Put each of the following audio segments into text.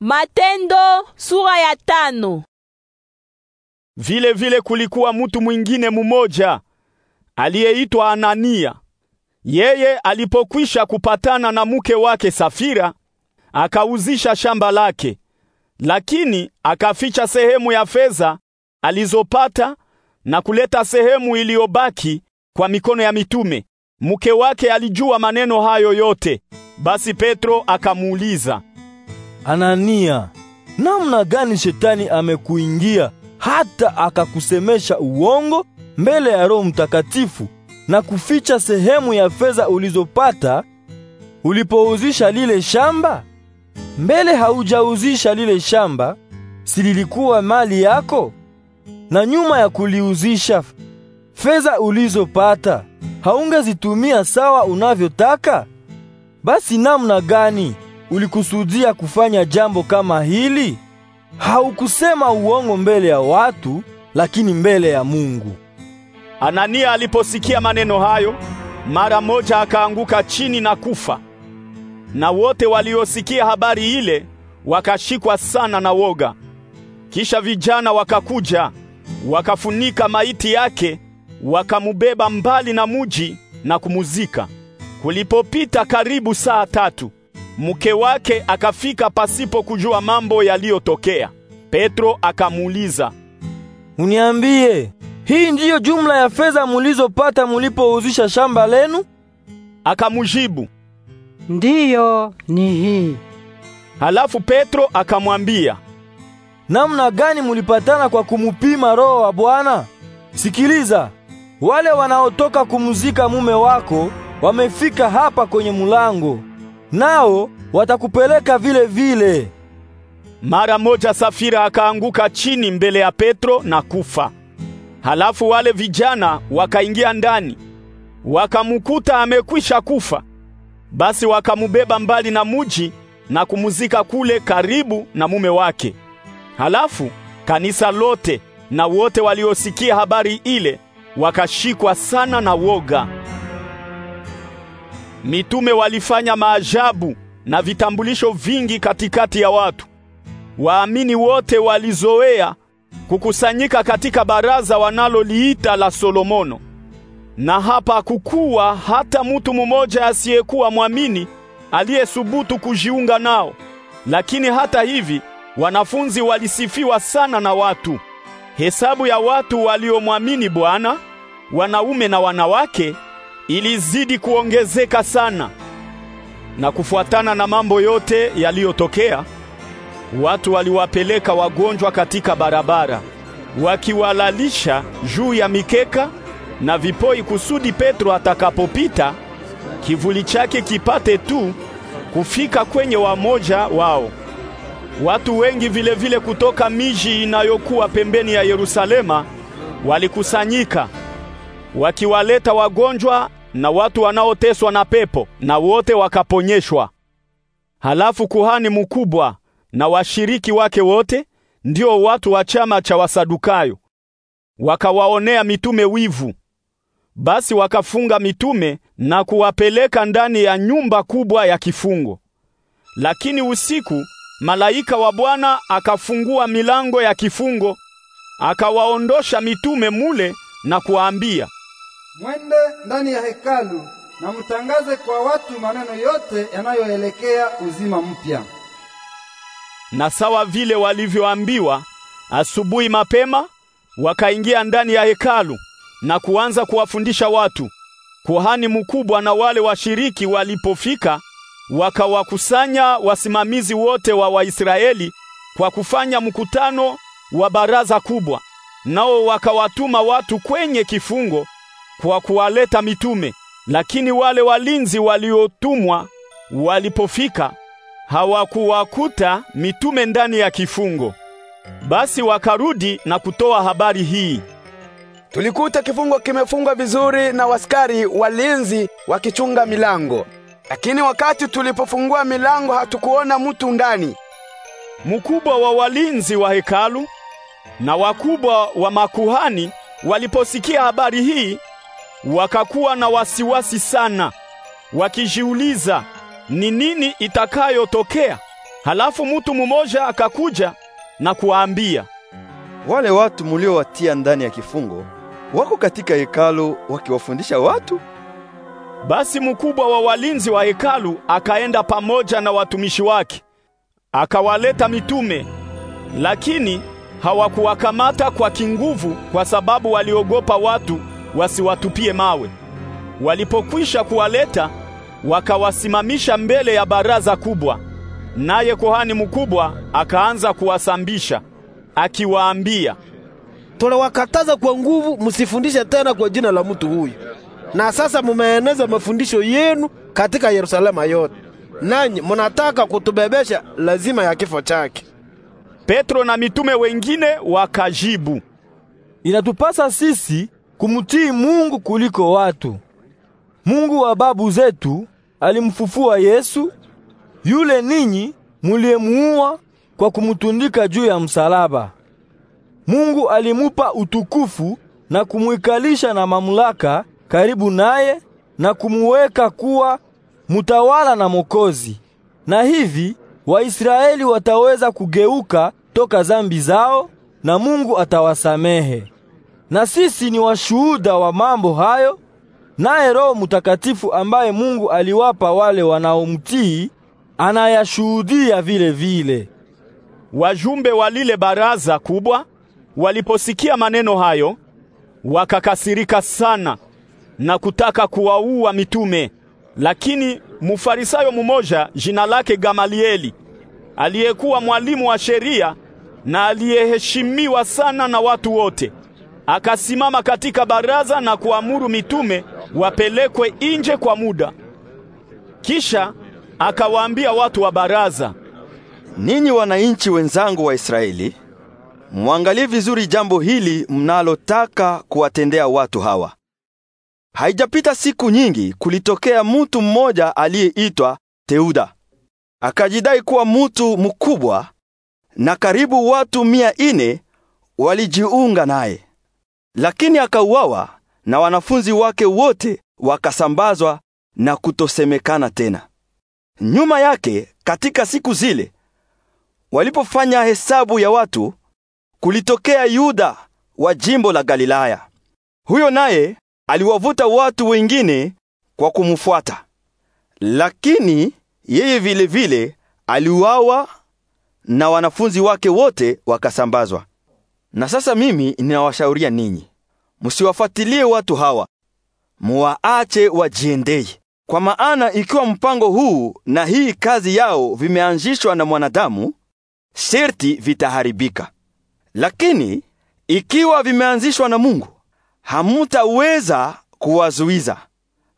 Matendo sura ya tano. Vile vile kulikuwa mutu mwingine mumoja aliyeitwa Anania. Yeye alipokwisha kupatana na mke wake Safira, akauzisha shamba lake, lakini akaficha sehemu ya fedha alizopata na kuleta sehemu iliyobaki kwa mikono ya mitume. Mke wake alijua maneno hayo yote. Basi Petro akamuuliza, Anania, namna gani shetani amekuingia hata akakusemesha uongo mbele ya Roho Mtakatifu na kuficha sehemu ya fedha ulizopata ulipouzisha lile shamba? Mbele haujauzisha lile shamba, si lilikuwa mali yako? Na nyuma ya kuliuzisha fedha ulizopata haungezitumia sawa unavyotaka? Basi namna gani ulikusudia kufanya jambo kama hili? Haukusema uongo mbele ya watu, lakini mbele ya Mungu. Anania aliposikia maneno hayo, mara moja akaanguka chini na kufa. Na wote waliosikia habari ile wakashikwa sana na woga. Kisha vijana wakakuja, wakafunika maiti yake, wakamubeba mbali na muji na kumuzika. Kulipopita karibu saa tatu, mke wake akafika pasipo kujua mambo yaliyotokea. Petro akamuuliza, uniambie, hii ndiyo jumla ya fedha mulizopata mulipouzisha shamba lenu? Akamjibu, ndiyo, ni hii. Halafu Petro akamwambia, namna gani mulipatana kwa kumupima Roho wa Bwana? Sikiliza, wale wanaotoka kumzika mume wako wamefika hapa kwenye mulango nao watakupeleka vile vile. Mara moja Safira akaanguka chini mbele ya Petro na kufa. Halafu wale vijana wakaingia ndani, wakamukuta amekwisha kufa. Basi wakamubeba mbali na muji na kumuzika kule karibu na mume wake. Halafu kanisa lote na wote waliosikia habari ile wakashikwa sana na woga. Mitume walifanya maajabu na vitambulisho vingi katikati ya watu. Waamini wote walizoea kukusanyika katika baraza wanaloliita la Solomono, na hapa kukuwa hata mutu mmoja asiyekuwa mwamini aliyesubutu kujiunga nao. Lakini hata hivi wanafunzi walisifiwa sana na watu. Hesabu ya watu waliomwamini Bwana, wanaume na wanawake, ilizidi kuongezeka sana, na kufuatana na mambo yote yaliyotokea, watu waliwapeleka wagonjwa katika barabara, wakiwalalisha juu ya mikeka na vipoi, kusudi Petro atakapopita kivuli chake kipate tu kufika kwenye wamoja wao. Watu wengi vilevile vile kutoka miji inayokuwa pembeni ya Yerusalema walikusanyika wakiwaleta wagonjwa na watu wanaoteswa na pepo, na wote wakaponyeshwa. Halafu kuhani mkubwa na washiriki wake wote, ndio watu wa chama cha Wasadukayo, wakawaonea mitume wivu. Basi wakafunga mitume na kuwapeleka ndani ya nyumba kubwa ya kifungo. Lakini usiku malaika wa Bwana akafungua milango ya kifungo, akawaondosha mitume mule na kuwaambia, Mwende ndani ya hekalu na mtangaze kwa watu maneno yote yanayoelekea uzima mpya. Na sawa vile walivyoambiwa, asubuhi mapema wakaingia ndani ya hekalu na kuanza kuwafundisha watu. Kuhani mkubwa na wale washiriki walipofika, wakawakusanya wasimamizi wote wa Waisraeli kwa kufanya mkutano wa baraza kubwa. Nao wakawatuma watu kwenye kifungo kwa kuwaleta mitume, lakini wale walinzi waliotumwa walipofika hawakuwakuta mitume ndani ya kifungo. Basi wakarudi na kutoa habari hii: tulikuta kifungo kimefungwa vizuri na waskari walinzi wakichunga milango, lakini wakati tulipofungua milango hatukuona mtu ndani. Mkubwa wa walinzi wa hekalu na wakubwa wa makuhani waliposikia habari hii wakakuwa na wasiwasi sana, wakijiuliza ni nini itakayotokea. Halafu mutu mumoja akakuja na kuwaambia, wale watu muliowatia ndani ya kifungo wako katika hekalu wakiwafundisha watu. Basi mkubwa wa walinzi wa hekalu akaenda pamoja na watumishi wake, akawaleta mitume, lakini hawakuwakamata kwa kinguvu, kwa sababu waliogopa watu wasiwatupie mawe. Walipokwisha kuwaleta, wakawasimamisha mbele ya baraza kubwa, naye kohani mkubwa akaanza kuwasambisha akiwaambia, tuliwakataza kwa nguvu, msifundishe tena kwa jina la mtu huyu. Na sasa mumeeneza mafundisho yenu katika Yerusalema yote, nanyi munataka kutubebesha lazima ya kifo chake. Petro na mitume wengine wakajibu, inatupasa sisi kumtii Mungu kuliko watu. Mungu wa babu zetu alimfufua Yesu yule ninyi muliyemuua kwa kumutundika juu ya msalaba. Mungu alimupa utukufu na kumwikalisha na mamlaka karibu naye na kumuweka kuwa mutawala na Mokozi. Na hivi Waisraeli wataweza kugeuka toka zambi zao na Mungu atawasamehe na sisi ni washuhuda wa mambo hayo, naye Roho Mutakatifu ambaye Mungu aliwapa wale wanaomtii anayashuhudia vile vile. Wajumbe wa lile baraza kubwa waliposikia maneno hayo wakakasirika sana na kutaka kuwaua mitume. Lakini mufarisayo mmoja jina lake Gamalieli aliyekuwa mwalimu wa sheria na aliyeheshimiwa sana na watu wote akasimama katika baraza na kuamuru mitume wapelekwe nje kwa muda. Kisha akawaambia watu wa baraza, ninyi wananchi wenzangu wa Israeli, mwangalie vizuri jambo hili mnalotaka kuwatendea watu hawa. Haijapita siku nyingi, kulitokea mtu mmoja aliyeitwa Teuda, akajidai kuwa mtu mkubwa, na karibu watu mia ine walijiunga naye lakini akauawa na wanafunzi wake wote wakasambazwa na kutosemekana tena. Nyuma yake, katika siku zile walipofanya hesabu ya watu, kulitokea Yuda wa jimbo la Galilaya. Huyo naye aliwavuta watu wengine kwa kumfuata, lakini yeye vilevile aliuawa na wanafunzi wake wote wakasambazwa. Na sasa mimi ninawashauria ninyi, msiwafuatilie watu hawa, muwaache wajiendeye. Kwa maana ikiwa mpango huu na hii kazi yao vimeanzishwa na mwanadamu, sherti vitaharibika. Lakini ikiwa vimeanzishwa na Mungu, hamutaweza kuwazuiza.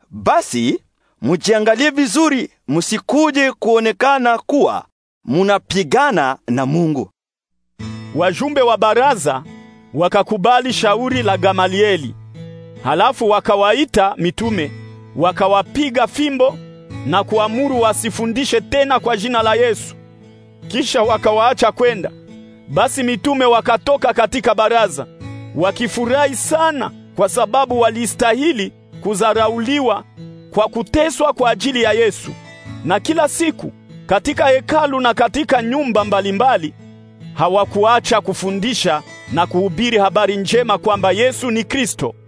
Basi mujiangalie vizuri, msikuje kuonekana kuwa munapigana na Mungu wajumbe wa baraza wakakubali shauri la Gamalieli. Halafu wakawaita mitume, wakawapiga fimbo na kuamuru wasifundishe tena kwa jina la Yesu. Kisha wakawaacha kwenda. Basi mitume wakatoka katika baraza wakifurahi sana, kwa sababu walistahili kuzarauliwa kwa kuteswa kwa ajili ya Yesu. Na kila siku katika hekalu na katika nyumba mbalimbali mbali, hawakuacha kufundisha na kuhubiri habari njema kwamba Yesu ni Kristo.